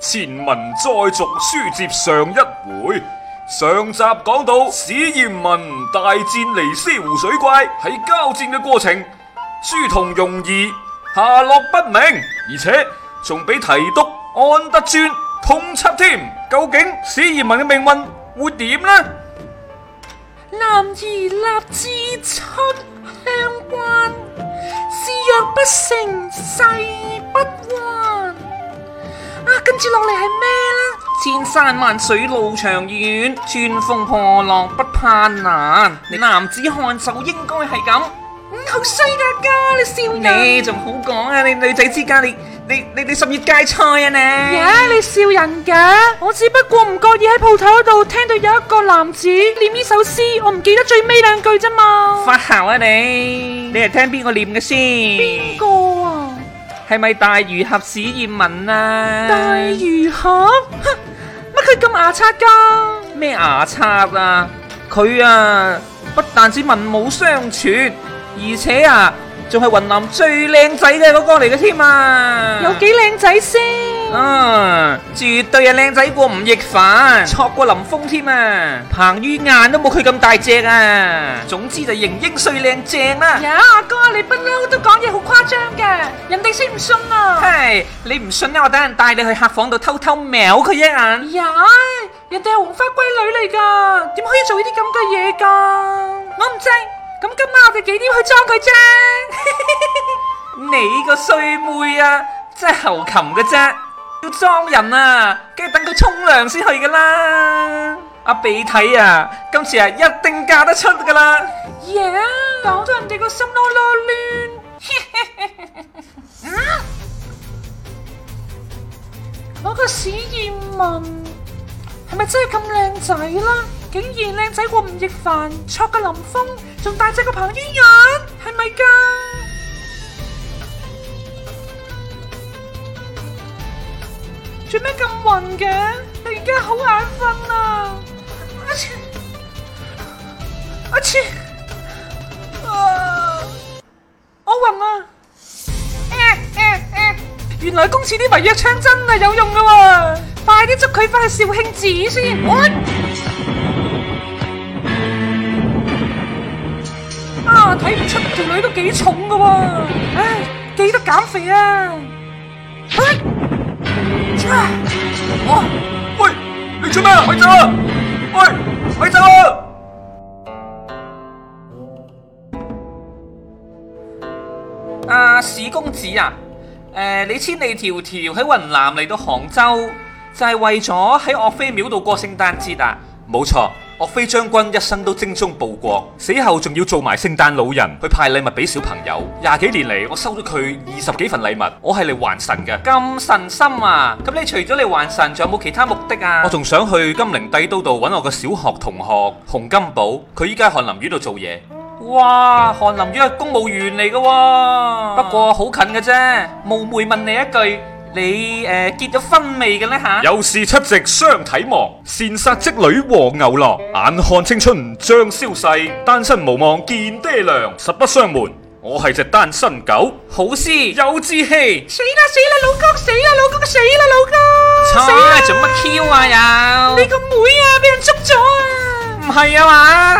前文再續，書接上一回。上集講到史艷文大戰尼斯湖水怪，喺交戰嘅過程，書童容兒，下落不明，而且仲俾提督安德尊通緝添。究竟史艷文嘅命運會點呢？男兒立志出鄉關，事若不成誓不。接落嚟係咩啦？千山萬水路長遠，穿風破浪不怕難。你男子漢就應該係咁，好衰噶，你笑人。你仲好講啊？你女仔之家，你你你，你，你十月芥菜啊？你呀，你笑人噶？我只不過唔覺意喺鋪頭嗰度聽到有一個男子念呢首詩，我唔記得最尾兩句啫嘛。發姣啊你！你係聽邊個念嘅先？係咪大儒俠史艷文啊？大儒俠，乜佢咁牙刷噶？咩牙刷啊？佢啊，不但只文武雙全，而且啊，仲係雲南最靚仔嘅嗰個嚟嘅添啊！有幾靚仔先？嗯、啊，絕對係靚仔過吳亦凡，錯過林峰添啊！彭于晏都冇佢咁大隻啊！總之就型英帥靚正啦、啊！呀、yeah,，阿哥你不嬲都講嘢好誇張嘅。你信唔信啊？係你唔信咧，我等陣帶你去客房度偷偷瞄佢一眼。呀！人哋係黃花閨女嚟噶，點可以做呢啲咁嘅嘢噶？我唔知。咁今晚我哋幾點去裝佢啫？你個衰妹啊，真係猴琴嘅啫！要裝人啊，梗係等佢沖涼先去噶啦。阿鼻睇啊，今次啊一定嫁得出噶啦。呀！搞到人哋個心囉囉攣。史艷文係咪真係咁靚仔啦？竟然靚仔過吳亦凡，挫個林峯，仲大隻過彭于晏，係咪噶？ 做咩咁暈嘅？你而家好？原來公廁啲迷藥槍真係有用噶喎！快啲捉佢翻去肇慶寺先。啊，睇唔出條女都幾重噶喎！唉，幾多減肥啊！喂，你做咩啊？咪走，喂，咪走啊！阿史公子啊！誒，你千里迢迢喺雲南嚟到杭州，就係為咗喺岳飛廟度過聖誕節啊！冇錯，岳飛將軍一生都精忠報國，死後仲要做埋聖誕老人去派禮物俾小朋友。廿幾年嚟，我收咗佢二十幾份禮物，我係嚟還神嘅。咁神心啊！咁你除咗嚟還神，仲有冇其他目的啊？我仲想去金陵帝都度搵我個小學同學洪金寶，佢依家翰林院度做嘢。哇，翰林院係公務員嚟噶、啊，不過好近嘅啫。冒昧問你一句，你誒、呃、結咗婚未嘅呢吓？有事七夕雙體亡，羨煞織女和牛郎，眼看青春將消逝，單身無望見爹娘，實不相瞞，我係隻單身狗。好詩思有志氣。死啦哥，死啦老公，死啦老公，死啦老公，死啦做乜 Q 啊有？你個妹啊，俾人捉咗啊？唔係啊嘛？